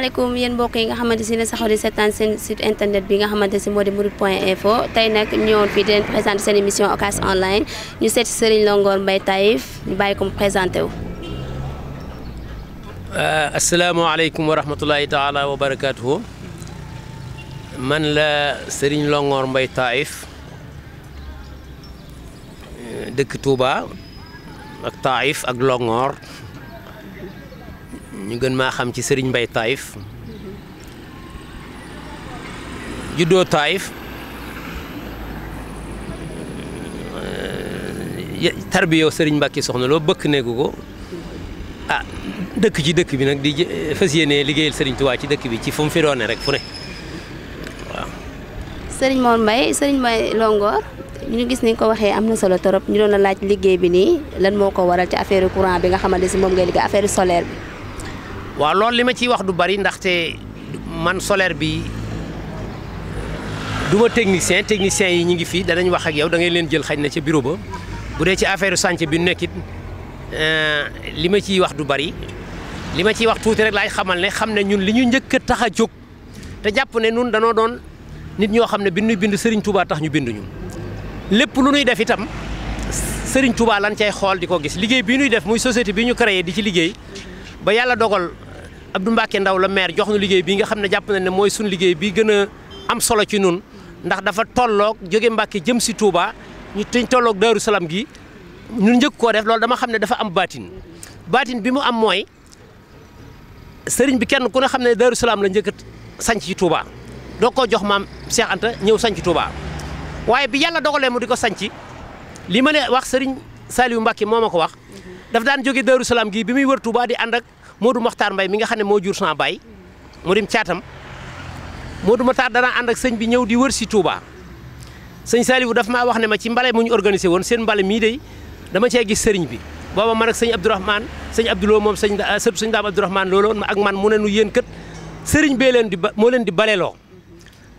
asalaamaaleykum yéen mbokk yi nga xamante si ne saxoo di seetaan seen internet bi nga xamante si moo di murid point info tey nag ñëwoon fii di leen présenté seen émission Ocass online ñu seet si Longoor Mbaye Taïf ñu bàyyi kom mu présenté wu. Euh, asalaamaaleykum wa rahmatulahi taala wa barakaatuhu man la Serigne Longoor Mbaye Taïf euh, dëkk Touba ak Taïf ak Longoor. ñu gën maa xam ci sëriñ Mbay Taïf juddoo Taïf euh, tarbiyoo sëriñ mbakki soxna loo bëkk nekku ko ah dëkk ci dëkk bi nag di euh, fas yéene liggéeyal sëriñ Tuubaa ci dëkk bi ci fu mu fi doone rek fu ne waaw. sëriñ Mor Mbaye sëriñ Mbaye Longoor ñu gis ni nga ko waxee am na solo torop ñu doon la laaj liggéey bi nii lan moo ko waral ci affaire courant bi nga xamante si moom ngay liggéey affaire solaire bi. waaw loolu li ma ciy wax du bari ndaxte man solaire bi duma ma technicien technicien yi ñu ngi fii danañ wax ak yow da ngay leen jël xañ na ci bureau ba bu dee ci affaire chantier bi nekkit euh, li ma ciy wax du bari li ma ciy wax tuuti rek laay xamal ne xam ne ñun li ñu njëkk a tax a jóg te jàpp ne nun danoo doon nit ñoo xam ne bi ñuy bind sëriñ Touba tax ñu bind ñu lépp lu ñuy def itam Serigne Touba lan cay xool di ko gis liggéey bi ñuy def muy société bi ñu créé di ci liggéey Abdou Mbacke Ndaw la maire jox nu liggéey bi nga xam ne jàpp na ne mooy suñu liggéey bi gëna am solo ci nun ndax dafa tolloog joge Mbacke jëm si tuuba ñu teñ tolloog Daaru Salaam gi ñun njëkk koo def loolu dama xam ne dafa am baatin baatin bi mu am mooy sëriñ bi kenn ku ne xam ne Daaru Salaam la njëkk sanc ci Touba doo ko jox maam Cheikh ñëw sanc Touba waaye bi yàlla dogalee mu di ko sanc li ma ne wax sëriñ Saliou Mbacke moo ma ko wax daf daan jóge Daaru Salaam gi bi muy wër Touba di ànd ak Modou Mokhtar Mbay mi nga xamne mo jur sama bay modim tiatam Modou Mokhtar dana and ak sëñ bi ñew di wër ci Touba sëñ Saliou daf ma wax ne ma ci mbale mu ñu organisé seen mi day dama ci gis bi baba man ak sëñ Abdourahmane sëñ Abdouloo mom sëñ seub sëñ Daam abdourahman lolo ak man mu ne nu yeen kët sëriñ be len di mo len di baleloo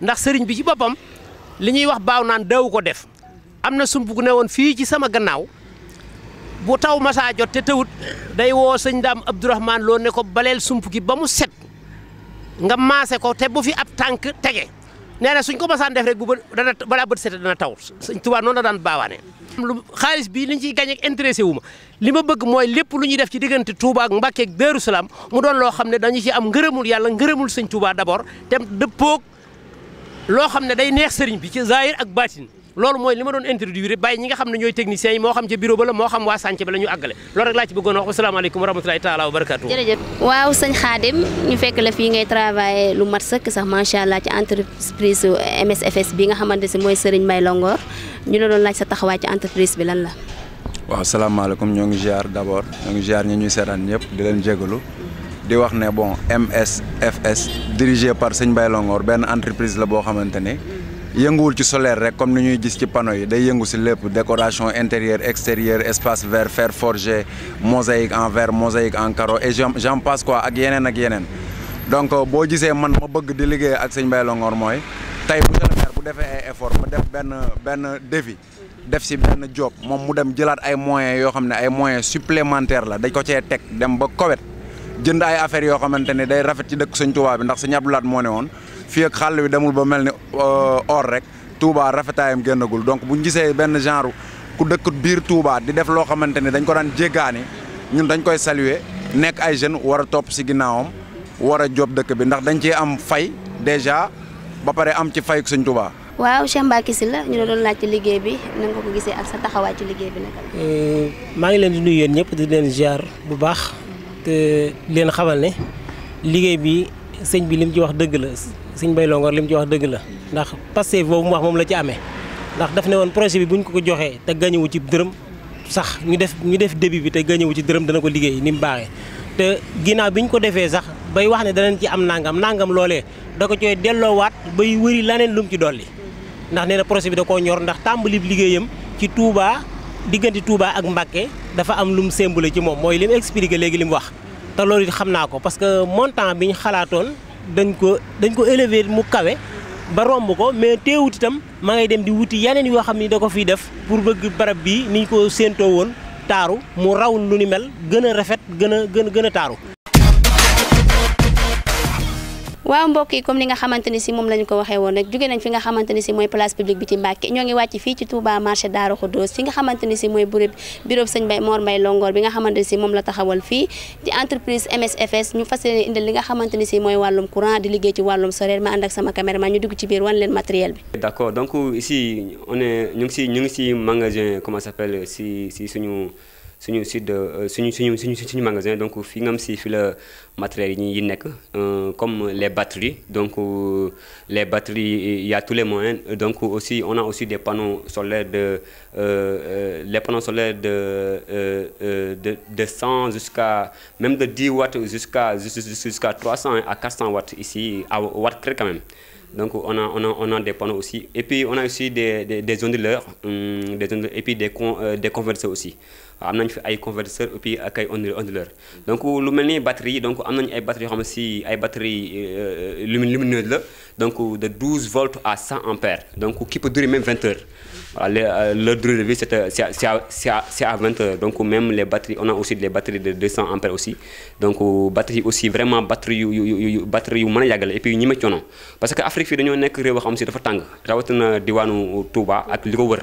ndax sëriñ bi ci bopam li ñuy wax baw naan daw ko def amna sumbu ku fi ci sama gannaaw bu taw masaa jot te tawut day woo sëñ daam Abdourahmane loo ne ko baleel sumpu gi ba mu set nga maase ko te bu fi ab tànk tege nee na suñ ko masaan def rek bu bë dana balaa bët sete dana taw sëñ Tuubaa noonu la daan baawaane lu xaalis bii liñ ciy gañ ak intéressé wu ma li ma bëgg mooy lépp lu ñuy def ci diggante Touba ak Mbàkke ak mu doon loo xam ne dañu ci am ngërëmul yàlla ngërëmul sëñ Touba d'abord te dëppoog loo xam ne day neex sëriñ bi ci zahir ak baatin lolu moy lima ma doon introduire bàyyi ñi nga xamne ñoy technicien techniciens yi moo xam ci bureau ba la mo xam wa santé ba la ñu àggale loolu rek la ci bëggoon wax wasalaamaaleykum wa rahmatullahi taala wa barakatu jërëjëf waaw señ khadim ñu fekk la fi ngay travailler lu mat sëkk sax sha allah ci entreprise MSFS bi nga xamanté ci moy señ Mbaye longor ñu la doon laaj sa taxawaay ci entreprise bi lan la waaw salaamaaleykum ñoo ngi ziar d'abord abord ñoo ngi ziar ñi ñuy sétane ñëpp di leen jégalu di wax né bon MSFS dirigé par señ Mbaye longor ben entreprise la boo xamante ne yënguwul ci solaire rek comme ni ñuy gis ci panneau yi day yëngu ci lépp décoration intérieure extérieure espace vert fer forgé mosaïque en verre mosaïque en carreau et j'en passe quoi ak yeneen ak yeneen donc euh, boo gisee man ma bëgg di liggéey ak sëñ Mbaye Longor mooy tey bu le bu defee ay effort ba def benn benn défi def si benn job moom mu dem jëlaat ay moyens yoo xam ne ay moyens supplémentaires la dañ ko cee teg dem ba kowet jënd ay affaire yoo xamante ne day rafet ci dëkk sëñ Tuubaa bi ndax sëñ Abdou Lahat moo ne woon fii ak xàll bi demul ba mel ni euh, or rek Touba rafetaayam génnagul donc buñ gisee benn genre ku dëkk biir Touba di def loo xamante ni dañ ko daan jéggaani ñun dañ koy saluer nekk ay jeunes war a topp si ginnaawam war a job dëkk bi ndax dañ ciy am fay déjà ba pare am ci fay suñ Touba. waaw Cheikh Mbacké Sylla ñu la doon laaj ci liggéey bi na nga ko gisee ak sa taxawaay ci liggéey bi nag. Euh, maa ngi leen di nuyu yéen ñëpp di leen ziar bu baax te leen xamal ne liggéey bi. sëñ bi mu ci wax dëgg la sëñ Bay Longoor mu ci wax dëgg la ndax Pastef boobu mu wax moom la ci amee ndax daf ne woon projet bi buñ ko ko joxee te gañewu ci dërëm sax ñu def ñu def début bi te gañewu ci dërëm dana ko liggéey ni mu baaxee te ginnaaw bi ñu ko defee sax bay wax ne danañ ci am nangam nangam loolee da ko delloo waat bay wëri laneen lu mu ci dolli ndax nee na projet bi da koo ñor ndax tàmbali liggéeyam ci Touba diggante tuubaa ak Mbacké dafa am lu mu sémbale ci moom mooy li mu léegi li mu wax te loolu xam naa ko parce que montant bi ñu xalaatoon dañ ko dañ ko élever mu kawe ba romb ko mais teewut itam ma ngay dem di wuti yeneen yoo xam ni da ko fiy def pour bëgg barab bii ni ñu ko séentoo woon taaru mu raw lu ni mel gën a rafet gën a gën gën a taaru. waaw mbokk yi comme ni nga xamante ni si moom la ñu ko waxee woon rek jóge nañ fi nga xamante ni si mooy place publique bi ci Mbàkke ñoo ngi wàcc fii ci Touba marché Daaru Xuddoos fi nga xamante si mooy bureau bi nga xamante si moom la taxawal fii di entreprise MSFS ñu fas yéene indil li nga xamante ni si mooy wàllum courant di liggéey ci wàllum solaire ma ànd ak sama caméraman ñu dugg ci biir wan leen matériel bi d'accord donc ici on est ñu ngi si ñu ngi si magasin si suñu C'est site euh, magasin donc fi nga a des matériaux, comme les batteries donc euh, les batteries il y a tous les moyens donc aussi on a aussi des panneaux solaires de euh, les panneaux solaires de de de 100 jusqu'à même de 10 watts jusqu'à jusqu'à 300 à 400 watts ici à watts très quand même donc on a, on a, on a des panneaux aussi. Et puis on a aussi des, des, hum, onduleurs, et puis des, des convertisseurs aussi. On a fi ay convertisseur et puis ak ay onduleur donc lu melni donc amnañ ay batteries xam batteries euh, lumineuses donc de 12 volts à 100 ampères donc qui peut durer même 20 heures. Voilà, euh, de vie, c'est euh, à, 20 heures. Donc, même les batteries, on a aussi des batteries de 200 ampères aussi. Donc, batterie aussi, vraiment, batterie, batterie, et puis, nous mettons. Parce que Afrique, on dañu un batteries qui si très tang. Nous avons un Touba, avec wër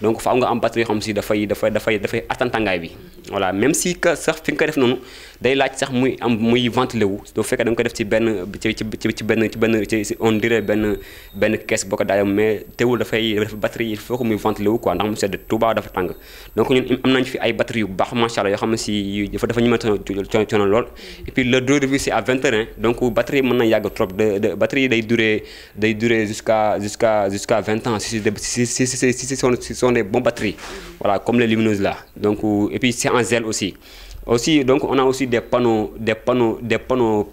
donc faaw nga am batterie yoo xam si dafay dafay dafay dafay attan bi voilà même si que sax fi nga ko def noonu day laaj sax muy am muy ventilé wu doo fekkee da nga ko def ci ben ci ci ben ci ben ci on dirait ben ben caisse boko ko daayoo mais teewul fay def batterie il faut que muy ventilé wu quoi ndax mu sedd Touba dafa tang donc ñun am nañu fi ay batterie yu baax machallah yo yoo xam si dafa dafa ñu mëna coono coono lool et puis le durée de vie c'est à 21 donc batterie mëna yag trop de de batterie day durer day durer jusqu'à jusqu'à jusqu'à 20 ans si si si si si si sont des bonnes batteries voilà comme les lumineuses là donc et puis c'est en zèle aussi aussi, donc, on a aussi des panneaux, des panneaux, des panneaux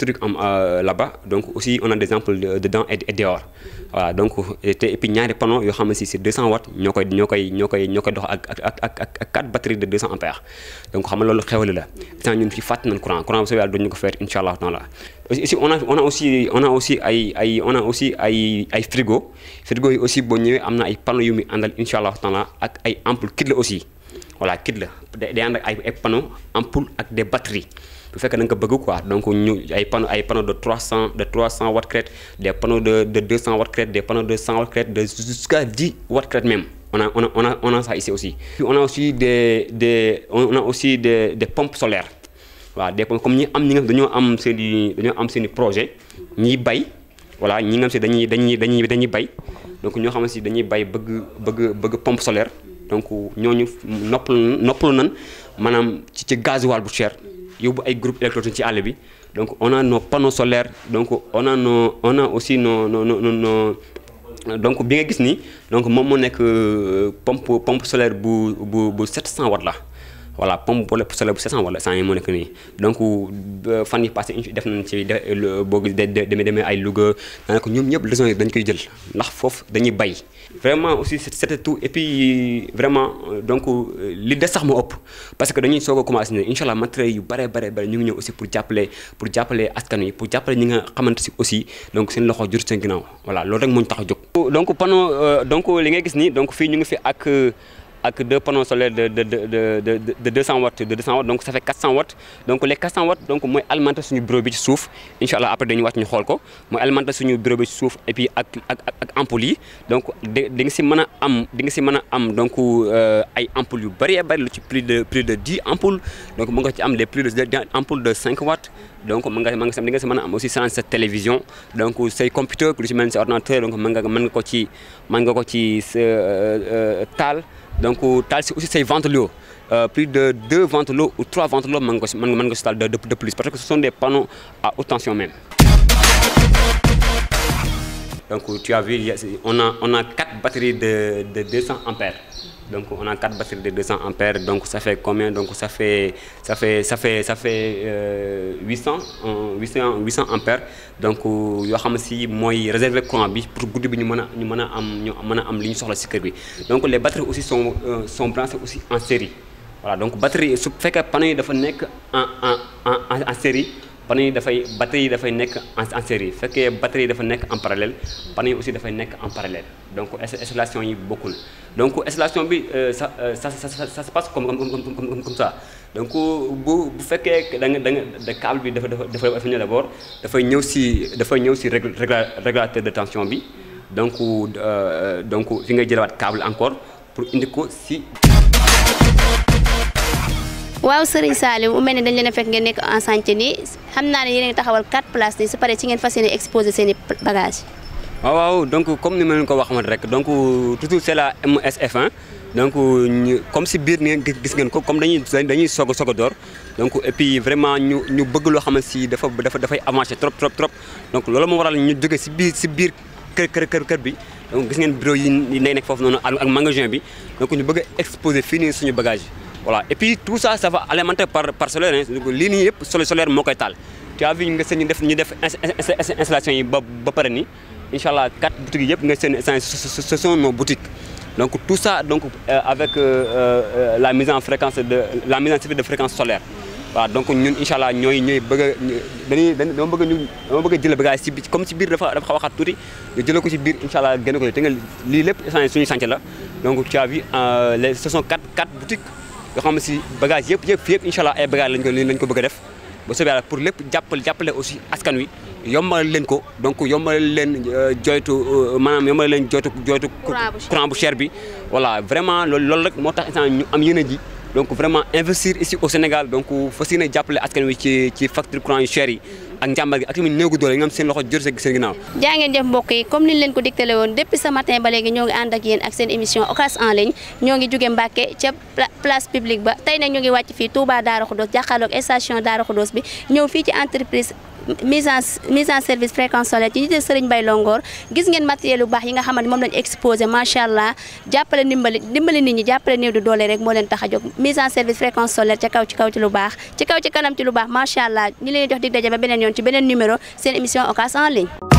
trucs euh, là-bas donc aussi on a des ampoules dedans et, et dehors voilà donc et, puis ñaari panneaux yoo xam ne si c'est 200 watts ñoo koy ñoo koy ñoo koy ñoo dox ak quatre batteries de 200 ampères donc xam nga loolu xewali la tant ñun fi fàtt nañ courant courant bu soobee yàlla dañu ko faire Inch'Allah, dans taala aussi on a on a aussi on a aussi ay ay on a aussi ay ay frigo frigo aussi boo ñewé amna ay panneaux yu mi andal incha taala ak ay ampoule kit aussi voilà kit la day ànd ak ay panneaux ampoule ak des batteries bu fekkee da nga ko bëgg quoi donc ñu ay panneaux ay panneaux de 300 de 300 watts crête des panneaux de de 200 watts crête des panneaux de 100 watts crête de jusqu'à 10 watts crête même on a on a on a on a ça ici aussi. Puis on a aussi des des on a aussi des des pompes solaires voilà des pompes comme ñi am ñi nga xam am seen i am seen projet ñiy bay voilà ñi nga xam si dañuy dañuy dañuy dañuy bay donc ñoo xam si dañuy bay bëgg bëgg bëgg pompe solaire. donc ñooñu nopp noppalu nan maanaam ci ci gaz gasoil bu cher yóbbu ay groupe électrogène ci àll bi donc on a nos panneaux solaires donc on a nos on a aussi no nos nos donc bi nga gis ni donc moom moo nekk euh, pompe pompe solaire bu bu bu 700 watt la. voilà pomme wala solo le 700 wala 100 yi moo nekk nii donc euh, fan yi passé def nañ ci boo de demee ay Louga daanaka ñoom ñëpp leçon yi dañ koy jël ndax fof dañuy bay vraiment aussi c'était tout et puis vraiment euh, donc euh, li des sax moo ëpp parce que dañuy soog a commencé ne incha allah matériel yu bare bare bare ñu ngi ñëw aussi pour j'appeler pour j'appeler askan pour j'appeler ñi nga xamante aussi donc seen loxo jur seen ginnaaw voilà loolu rek moo tax a donc panneau donc li ngay gis nii donc fii ñu ngi fi ak avec deux panneaux solaires de, de, de, de, 200 watts, de 200 watts, donc ça fait 400 watts. Donc les 400 watts, donc moi alimenter sur bureau de souffle. Inch'Allah après nous watts nous holko. Moi alimenter sur bureau de souffle et puis avec avec ampoule. Donc dingue si mana am, dingue si mana am, donc euh, ay ampoule bari bari lu ci plus de plus de 10 ampoules. Donc mon gars am des plus de ampoules de 5 watts. donc mën nga mën nga di nga am aussi sans télévision donc say computer lu ci mel ordinateur donc mën nga mën nga ko ci mën ko ci euh, euh, taal donc taal c'est aussi ces ventilo euh, plus de deux l'eau ou trois ventes l'eau nga de plus parce que ce sont des panneaux à haute tension même. donc tu as vu on a on a quatre batteries de de 200 ampères. Donc on a quatre batteries de 200 ampères, donc ça fait combien Donc ça fait ça fait ça fait ça fait euh, 800 800 800 ampères. Donc yo xam si moy réserver courant bi pour goudi bi ñu mëna ñu mëna am ñu mëna am liñ soxla ci kër bi Donc les batteries aussi sont euh, sont branchées aussi en série. Voilà donc batterie su fekkee panneau yi dafa nekk en en en en série panneau yi dafay batterie yi dafay nek en série fekkee batterie yi dafa nek en parallèle panneau yi aussi dafay nek en parallèle donc installation yi bokul donc installation bi euh, euh, ça ça ça se passe comme comme comme comme ça donc bu bu fekkee da nga de câble bi dafa dafa dafa dafa ñëw d'abord dafay ñëw si dafay ñëw si régulateur de tension bi donc euh, donc fi nga jëlawaat câble encore pour indiquer si. waaw Serigne Saliou mu mel ne dañ leen a fekk ngeen nekk en chantier nii xam naa ne yéen a ngi taxawal quatre places nii su paree ci ngeen fas yéene exposé seen i waaw waaw donc comme ni ma leen ko waxoon rek donc toujours c'est la MSF1 donc comme si biir ngeen gis ngeen ko comme dañuy dañuy soog a soog a door donc et puis ñu ñu bëgg loo xam ne si dafa dafa dafay avancé trop trop trop donc loolu moo waral ñu jóge si biir si biir kër kër kër bi. donc gis ngeen bureau yi nekk foofu noonu ak magasin bi donc ñu bëgg exposé fii nii suñu bagage voilà et puis tout ça ça va alimenter par par solaire hein. lii nii yëpp solaire moo koy tu as vu nga seen ñu def ñu def installation yi ba ba pare ni incha quatre boutiques yep nga sen ce sont nos boutiques donc tout ça donc euh, avec euh, euh, la mise en fréquence de la mise en service de fréquence solaire voilà donc ñun inchallah ñoy ñooy bëgg a dañuy dama bëgg ñu dama bëgg jël bagage si comme ci biir dafa dafa waxat touti xat tuuti ko ci biir inchallah gën ko te nga lii essence suñu chantier la donc tu as vu les ce sont quatre quatre boutiques yoo xam ne si bagage yëpp yëpp yëpp incha allah ay bagage lañ ko lañ ko bëgg a def ba soobee yàlla pour lépp jàppale jàppale aussi askan wi yombal leen ko donc yombal leen euh, joytu euh, maanaam yombal leen joytu joytu courant bu cher bi voilà vraiment lool loolu rek moo tax instant ñu am yéene ji donc vraiment investir ici au Sénégal donc fas yéene jàppale askan wi ci ci facture courant yu cher yi ak njàmbar gi ak tamit néegu doole yi nga xam seen loxo jot seen ginnaaw jaa ngeen jëf mbokk yi comme niñ leen ko digtale woon depuis ce matin ba léegi ñoo ngi ànd ak yéen ak seen émission Ocass en ligne ñoo ngi jóge Mbàkke ca place publique ba tey nag ñoo ngi wàcc fii Touba Darou Khoudoss jàkkaarloog station Darou Khoudoss bi ñëw fii ci entreprise mise en mise en service fréquence solaire ci jiite Serigne Bay Longoor gis ngeen matériel bu baax yi nga xamante moom lañ exposé macha allah jàppale ndimbali ndimbali nit ñi jàppale néew di doole rek moo leen tax a jóg mise en service fréquence solaire ca kaw ci kaw ci lu baax ci kaw ci kanam ci lu baax macha allah ñu leen jox dig daje ba beneen yoon ci beneen numéro seen émission Ocass en ligne